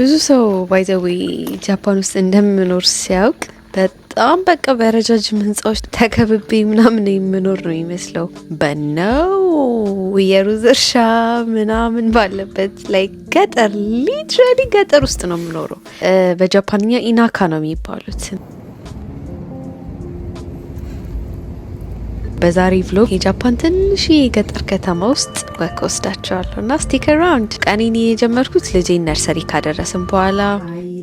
ብዙ ሰው ባይዘዌ ጃፓን ውስጥ እንደምኖር ሲያውቅ በጣም በቃ በረጃጅም ህንፃዎች ተከብቤ ምናምን የምኖር ነው የሚመስለው። በነው የሩዝ እርሻ ምናምን ባለበት ላይ ገጠር ሊትራሊ ገጠር ውስጥ ነው የምኖረው። በጃፓንኛ ኢናካ ነው የሚባሉት። በዛሬ ቭሎግ የጃፓን ትንሽ የገጠር ከተማ ውስጥ ወክ ወስዳቸዋለሁ እና ስቲክ አራውንድ። ቀኔን የጀመርኩት ልጄ ነርሰሪ ካደረስም በኋላ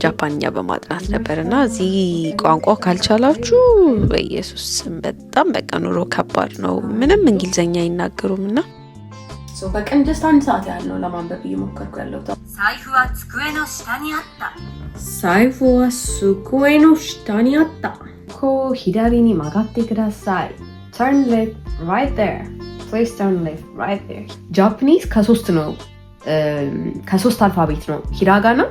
ጃፓንኛ በማጥናት ነበር እና እዚህ ቋንቋ ካልቻላችሁ በኢየሱስ በጣም በቃ ኑሮ ከባድ ነው። ምንም እንግሊዝኛ አይናገሩም እና በቀን ጀስት አንድ ሰዓት ያህል ነው ለማንበብ እየሞከርኩ ያለው። ሳይፉ ሱኩዌኖ ሽታኒ አጣ ኮ ሂዳሪኒ ማጋቴ ክዳሳይ turn left right there please turn left right there ጃፓኒዝ ከሶስት ነው ከሶስት አልፋቤት ነው ሂራጋና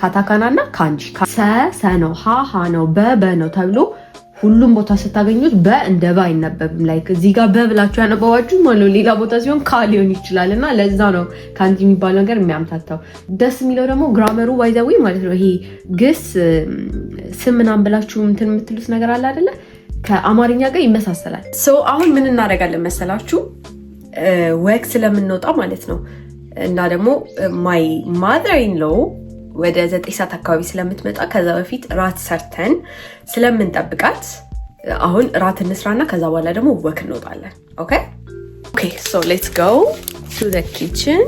ካታካና እና ካንጂ ሰ ሰ ነው ሀ ሀ ነው በ በ ነው ተብሎ ሁሉም ቦታ ስታገኙት በ እንደ በ አይነበብም። ላይክ እዚህ ጋር በ ብላችሁ ያነበባችሁ ማለት ሌላ ቦታ ሲሆን ካ ሊሆን ይችላል እና ለዛ ነው ከአንድ የሚባለው ነገር የሚያምታታው። ደስ የሚለው ደግሞ ግራመሩ ባይዘዊ ማለት ነው። ይሄ ግስ ስም ምናምን ብላችሁ እንትን የምትሉት ነገር አለ አይደለ ከአማርኛ ጋር ይመሳሰላል። ሰው አሁን ምን እናደርጋለን መሰላችሁ? ወግ ስለምንወጣ ማለት ነው እና ደግሞ ማይ ማዘር ኢን ሎው ወደ ዘጠኝ ሰዓት አካባቢ ስለምትመጣ ከዛ በፊት ራት ሰርተን ስለምንጠብቃት አሁን ራት እንስራና ከዛ በኋላ ደግሞ ወክ እንወጣለን። ኦኬ ኦኬ ሶ ሌትስ ጎ ቱ ዘ ኪችን።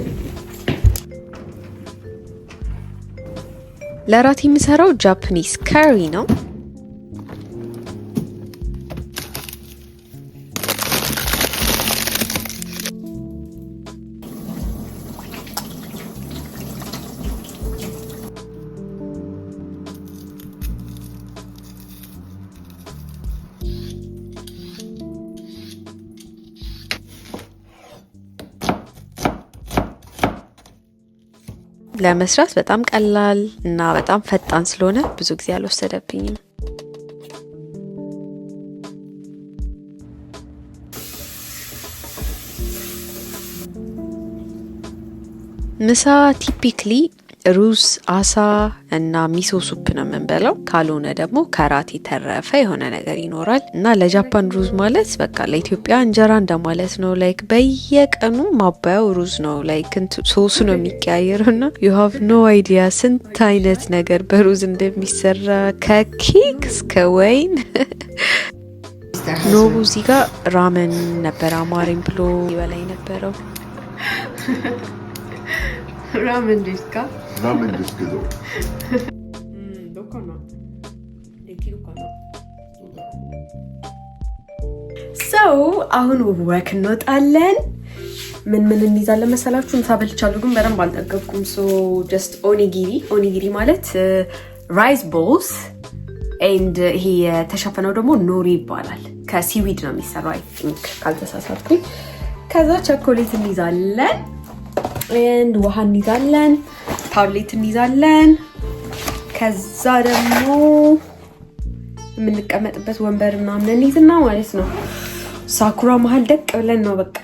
ለራት የምሰራው ጃፕኒስ ካሪ ነው። ለመስራት በጣም ቀላል እና በጣም ፈጣን ስለሆነ ብዙ ጊዜ አልወሰደብኝም። ምሳ ቲፒክሊ ሩዝ አሳ እና ሚሶ ሱፕ ነው የምንበላው። ካልሆነ ደግሞ ከራት የተረፈ የሆነ ነገር ይኖራል እና ለጃፓን ሩዝ ማለት በቃ ለኢትዮጵያ እንጀራ እንደማለት ነው። ላይክ በየቀኑ ማባያው ሩዝ ነው። ላይክ ሶሱ ነው የሚቀያየረው እና ዩ ሃቭ ኖ አይዲያ ስንት አይነት ነገር በሩዝ እንደሚሰራ ከኬክ እስከ ወይን ኖቡ እዚህ ጋር ራመን ነበር አማሪን ብሎ ይበላይ ነበረው ራመን なんなんですけど。うん、どうかな。できるかな。ሰው አሁን ወክ እንወጣለን። ምን ምን እንይዛለን መሰላችሁ? ምሳ በልቻለሁ ግን በደንብ አልጠገብኩም። ሶ ጀስት ኦኒጊሪ ኦኒጊሪ ማለት ራይስ ቦልስ ኤንድ ይሄ የተሸፈነው ደግሞ ኖሪ ይባላል። ከሲዊድ ነው የሚሰራው አይ ቲንክ ካልተሳሳትኩኝ። ከዛ ቸኮሌት እንይዛለን ውሃ እንይዛለን፣ ታብሌት እንይዛለን። ከዛ ደግሞ የምንቀመጥበት ወንበር ምናምን እንይዝና ማለት ነው። ሳኩራ መሀል ደቅ ብለን ነው በቃ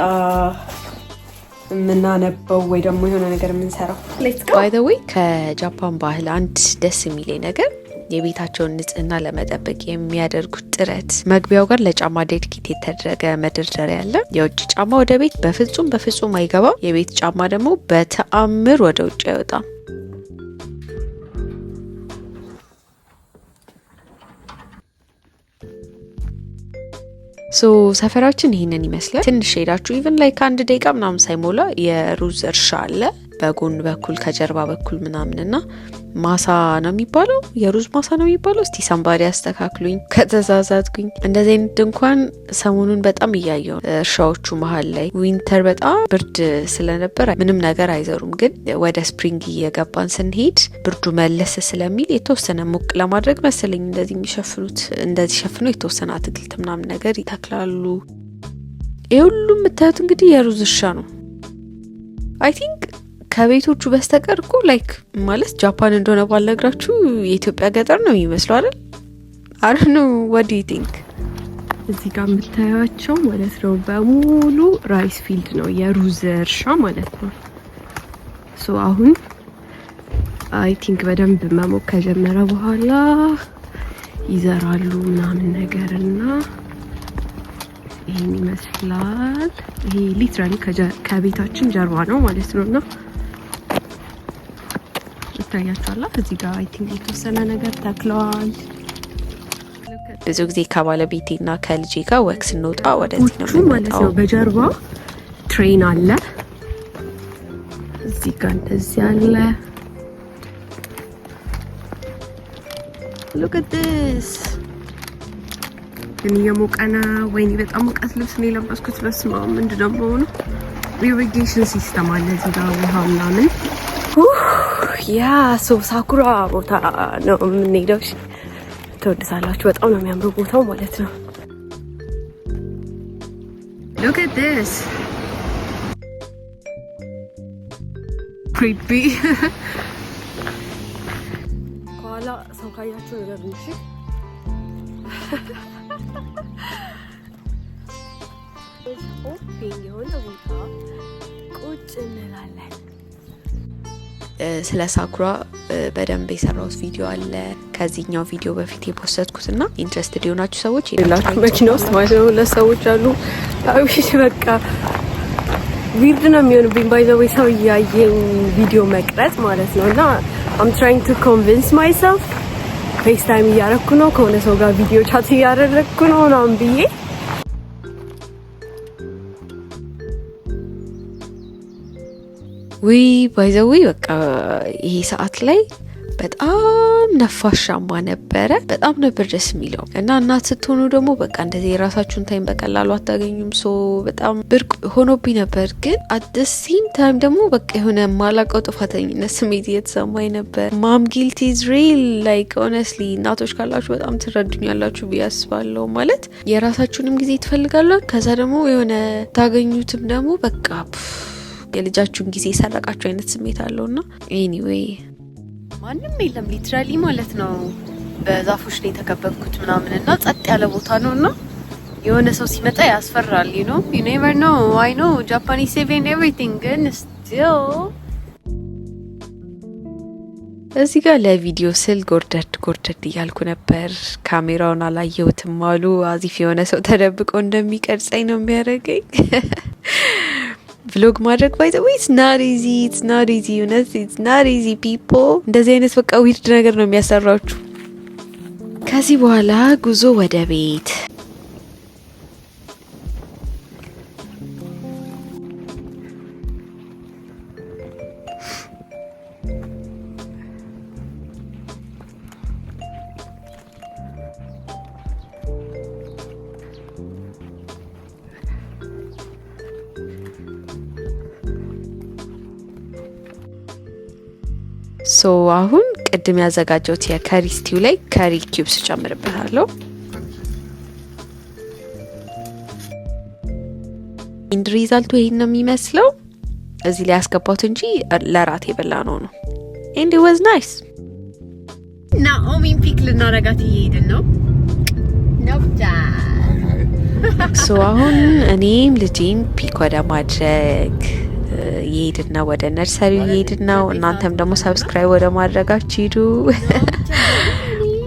የምናነበው ወይ ደግሞ የሆነ ነገር የምንሰራው። ባይ ዘ ወይ ከጃፓን ባህል አንድ ደስ የሚለኝ ነገር የቤታቸውን ንጽህና ለመጠበቅ የሚያደርጉት ጥረት። መግቢያው ጋር ለጫማ ዴድኬት የተደረገ መደርደሪያ አለ። የውጭ ጫማ ወደ ቤት በፍጹም በፍጹም አይገባም። የቤት ጫማ ደግሞ በተአምር ወደ ውጭ አይወጣም። ሶ ሰፈራችን ይህንን ይመስላል። ትንሽ ሄዳችሁ ኢቨን ላይ ከአንድ ደቂቃ ምናምን ሳይሞላ የሩዝ እርሻ አለ። በጎን በኩል ከጀርባ በኩል ምናምን ና ማሳ ነው የሚባለው፣ የሩዝ ማሳ ነው የሚባለው። እስቲ ሳምባሪ ያስተካክሉኝ ከተዛዛትኩኝ እንደዚህ አይነት ድንኳን ሰሞኑን በጣም እያየው እርሻዎቹ መሀል ላይ ዊንተር በጣም ብርድ ስለነበር ምንም ነገር አይዘሩም፣ ግን ወደ ስፕሪንግ እየገባን ስንሄድ ብርዱ መለስ ስለሚል የተወሰነ ሞቅ ለማድረግ መሰለኝ እንደዚህ የሚሸፍኑት እንደዚህ ሸፍነው የተወሰነ አትክልት ምናምን ነገር ይተክላሉ። ይህ ሁሉ የምታዩት እንግዲህ የሩዝ እርሻ ነው አይ ከቤቶቹ በስተቀር እኮ ላይክ ማለት ጃፓን እንደሆነ ባልነግራችሁ የኢትዮጵያ ገጠር ነው የሚመስለው አይደል? አር ነው ወዲ ቲንክ እዚህ ጋር የምታያቸው ማለት ነው በሙሉ ራይስ ፊልድ ነው፣ የሩዝ እርሻ ማለት ነው። ሶ አሁን አይ ቲንክ በደንብ መሞቅ ከጀመረ በኋላ ይዘራሉ ምናምን ነገር እና ይህን ይመስላል። ይሄ ሊትራሊ ከቤታችን ጀርባ ነው ማለት ነው እና ይታያቸዋላ። እዚህ ጋር አይ ቲንክ የተወሰነ ነገር ተክለዋል። ብዙ ጊዜ ከባለቤቴ ከባለቤቴና ከልጅ ጋር ወክ ስንወጣ ወደዚህ ነው ማለት ነው። በጀርባ ትሬን አለ፣ እዚህ ጋር እንደዚህ አለ። ሉቅድስ ግን እየሞቀ ነው። ወይኔ በጣም ሙቀት ልብስ ነው የለበስኩት። በስመ አብ ምንድን ነው በሆኑ ኢሪጌሽን ሲስተም አለ እዚህ ጋር ውሃ ምናምን ያ ሶ ሳኩራ ቦታ ነው የምንሄደው። ትወድሳላችሁ። በጣም ነው የሚያምሩ ቦታው ማለት ነው። ከኋላ ሰው ካያችሁ ነገር ንሽ የሆነ ቦታ ቁጭ እንላለን ስለ ሳኩራ በደንብ የሰራሁት ቪዲዮ አለ ከዚህኛው ቪዲዮ በፊት የፖሰትኩት እና ኢንትረስትድ የሆናችሁ ሰዎች ላችሁ መኪና ውስጥ ማለት ነው ለሰዎች አሉ አብሽ በቃ ዊርድ ነው የሚሆንብኝ ባይዘወይ ሰው እያየኝ ቪዲዮ መቅረጽ ማለት ነው እና አም ትራይንግ ቱ ኮንቪንስ ማይሰልፍ ፌስታይም እያረግኩ ነው ከሆነ ሰው ጋር ቪዲዮ ቻት እያደረግኩ ነው ናም ብዬ ውይ ባይዘዊ በቃ ይሄ ሰዓት ላይ በጣም ነፋሻማ ነበረ። በጣም ነበር ደስ የሚለው እና እናት ስትሆኑ ደግሞ በቃ እንደዚህ የራሳችሁን ታይም በቀላሉ አታገኙም። ሶ በጣም ብርቅ ሆኖብኝ ነበር፣ ግን አደሴም ታይም ደግሞ በቃ የሆነ ማላቀው ጥፋተኝነት ስሜት እየተሰማኝ ነበር። ማም ጊልቲ ኢዝ ሪል ላይክ ኦነስትሊ፣ እናቶች ካላችሁ በጣም ትረዱኛላችሁ ብዬ ማለት የራሳችሁንም ጊዜ ትፈልጋላችሁ፣ ከዛ ደግሞ የሆነ ታገኙትም ደግሞ በቃ የልጃችሁን ጊዜ የሰረቃችሁ አይነት ስሜት አለው እና ኤኒዌይ ማንም የለም ሊትራሊ ማለት ነው። በዛፎች ነው የተከበብኩት ምናምን እና ጸጥ ያለ ቦታ ነው እና የሆነ ሰው ሲመጣ ያስፈራል። ዩ ኖ ዩ ኔቨር ኖ አይ ኖ ጃፓኒ ሴቭ ኤቭሪቲንግ ግን ስቲል እዚህ ጋር ለቪዲዮ ስል ጎርደድ ጎርደድ እያልኩ ነበር። ካሜራውን አላየሁትም አሉ አዚፍ የሆነ ሰው ተደብቆ እንደሚቀርጸኝ ነው የሚያደርገኝ። ቭሎግ ማድረግ ባይዘ ወይ ኢትስ ናት ኢዚ ኢትስ ናት ኢዚ እውነት ኢትስ ናት ኢዚ ፒፖ። እንደዚህ አይነት በቃ ዊርድ ነገር ነው የሚያሰራችሁ። ከዚህ በኋላ ጉዞ ወደ ቤት ሶ አሁን ቅድም ያዘጋጀሁት የከሪ ስቲው ላይ ከሪ ኪዩብስ ጨምርበታለሁ። ኢንድ ሪዛልቱ ይሄን ነው የሚመስለው። እዚህ ላይ ያስገባሁት እንጂ ለራት የበላ ነው ነው። ኤንድ ዋዝ ናይስ። ናኦሚን ፒክ ልናረጋት እየሄድን ነው። ሶ አሁን እኔም ልጄን ፒክ ወደ ማድረግ እየሄድን ነው፣ ወደ ነርሰሪ እየሄድን ነው። እናንተም ደግሞ ሰብስክራይብ ወደ ማድረጋችሁ ሂዱ።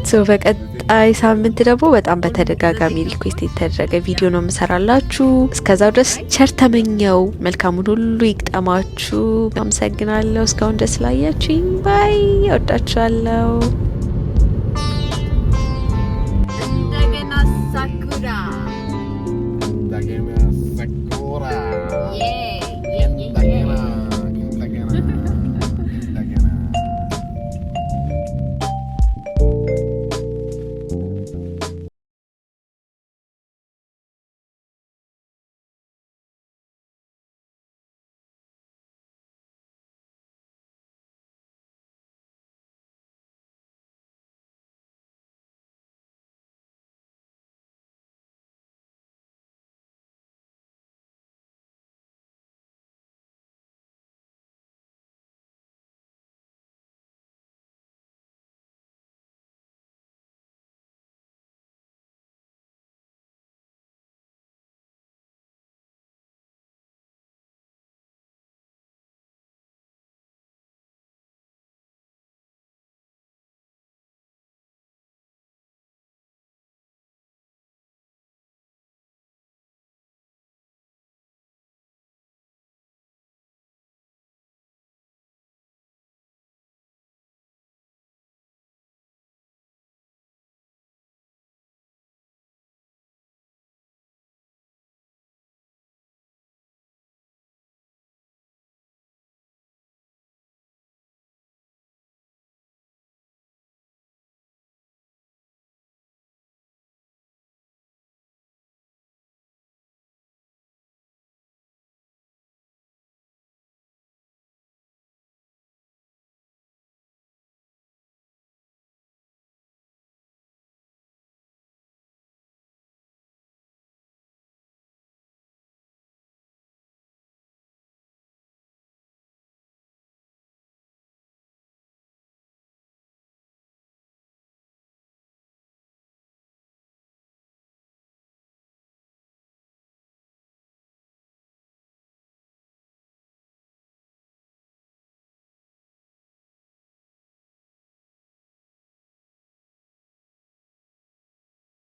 ሶ በቀጣይ ሳምንት ደግሞ በጣም በተደጋጋሚ ሪኩዌስት የተደረገ ቪዲዮ ነው የምሰራላችሁ። እስከዛው ድረስ ቸር ተመኘው፣ መልካሙን ሁሉ ይግጠማችሁ። አመሰግናለሁ እስካሁን ደስ ላያችሁኝ። ባይ። እወዳችኋለሁ።